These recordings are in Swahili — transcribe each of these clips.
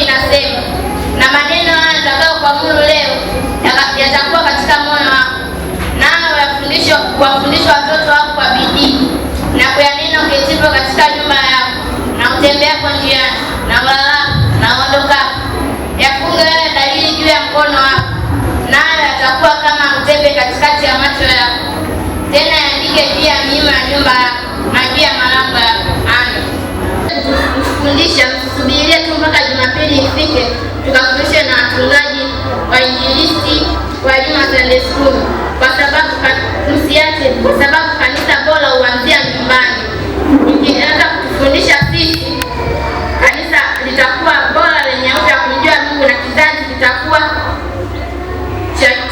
linasema, na maneno haya nitakao kuamuru leo yatakuwa katika moyo wako, nawe wafundishe watoto wako kwa bidii na kuyanena uketipo katika nyumba yako na kutembea njiani na walao na uondokapo. Yafunge wewe dalili juu ya mkono wako, nayo yatakuwa kama utepe katikati ya macho yako. Tena yaandike juu ya miimo ya nyumba yako na juu ya malango yako. Amen. Fundisha msubirie tu Sunday School kwa sababu msiache, kwa sababu kanisa bora huanzia nyumbani. Ukianza kutufundisha sisi, kanisa litakuwa bora lenye uta kumjua Mungu na kizazi kitakuwa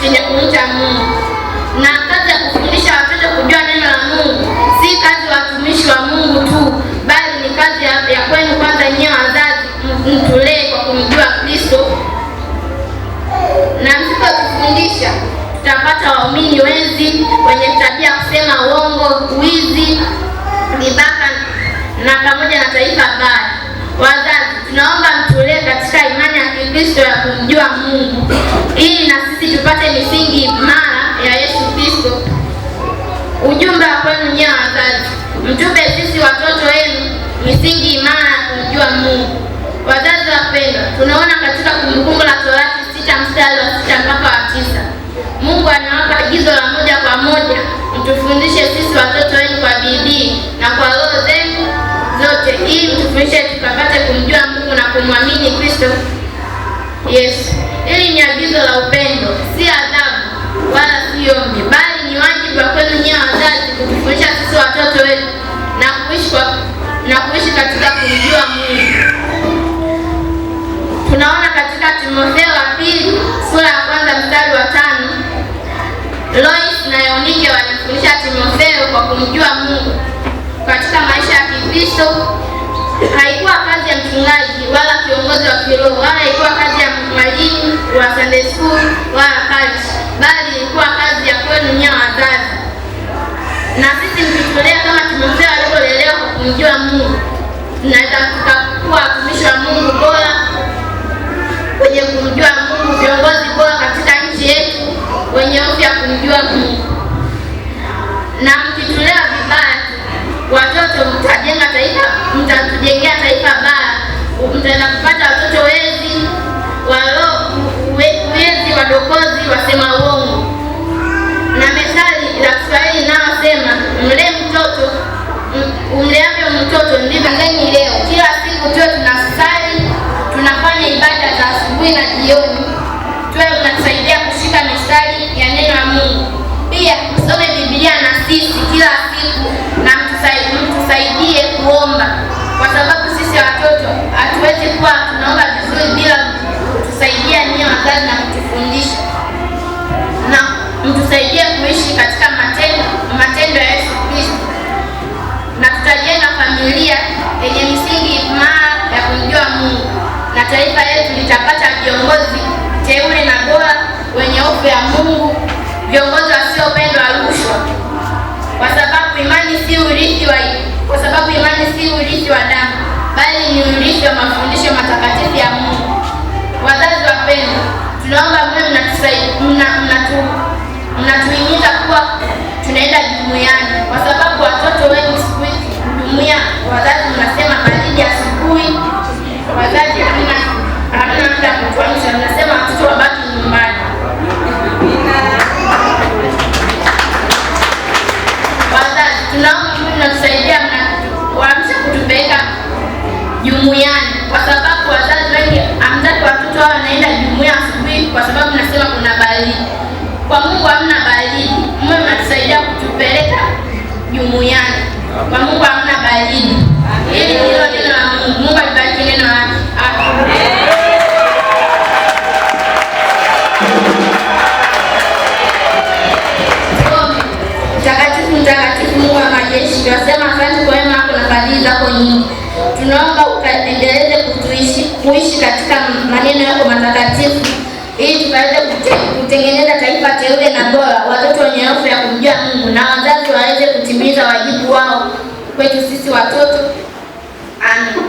chenye kumcha Mungu na maskini, wezi, wenye tabia kusema uongo, wizi, vibaka na pamoja na taifa baya. Wazazi, tunaomba mtulee katika imani ya Kikristo ya kumjua Mungu ili na sisi tupate misingi imara ya Yesu Kristo. Ujumbe wa kwenu nyie wazazi, mtupe sisi watoto wenu misingi imara ya kumjua Mungu. Wazazi wapendwa, tunaona katika Kumbukumbu la Torati anawapa agizo la moja kwa moja, mtufundishe sisi watoto wenu kwa bidii na kwa roho zenu zote, ili mtufundishe tukapate kumjua Mungu na kumwamini Kristo Yesu. Hili ni agizo la upendo, si adhabu kumfundisha Timotheo kwa kumjua Mungu katika maisha ya Kikristo haikuwa kazi ya mchungaji wala kiongozi wa kiroho wala ilikuwa kazi ya mwalimu wa Sunday school wala kazi, bali ilikuwa kazi ya kwenu nyewe wazazi. Na sisi mkitulea kama Timotheo alivyolelewa kwa kumjua Mungu, tunaweza tukakuwa watumishi wa Mungu. ya uongo. Na methali la Kiswahili inayosema mlee mtoto umleavyo mtoto ndivyo mleni leo. Kila siku tuwe tunasali, tunafanya ibada za asubuhi na jioni, tuwe tunasaidia kushika mistari ya neno la Mungu. Pia tusome Biblia na sisi kila yenye misingi imara ya kumjua Mungu, na taifa letu litapata viongozi teule na bora wenye hofu ya Mungu, viongozi wasiopendwa rushwa, kwa sababu imani si urithi wa kwa sababu imani si urithi wa damu, bali ni urithi wa mafundisho matakatifu ya Mungu. Wazazi wapendwa, tunaomba mwe mnatuhimiza kuwa tunaenda jumuiani kwa sababu watoto wengi kutumia wazazi mnasema baridi asubuhi, wazazi hamna hamna muda kutuamsha, mnasema watoto wabaki nyumbani. Wazazi tunaomba mnatusaidia, mnaamsha kutupeleka jumuiani, kwa sababu wazazi wengi hamtaki watoto wao wanaenda jumuia asubuhi, kwa sababu mnasema kuna baridi. Kwa Mungu hamna baridi, mwe mnatusaidia kutupeleka jumuiani. Kwa Mungu hamna baridi. Hili ndilo neno la Mungu. Mungu alibariki neno lake. Mtakatifu, mtakatifu Mungu wa majeshi, tunasema asante kwa wema wako na fadhili zako nyingi. Tunaomba ukaendeleze kutuishi kuishi katika maneno yako matakatifu ili tukaweze kutengeneza taifa teule na bora kwetu sisi watoto. Amen.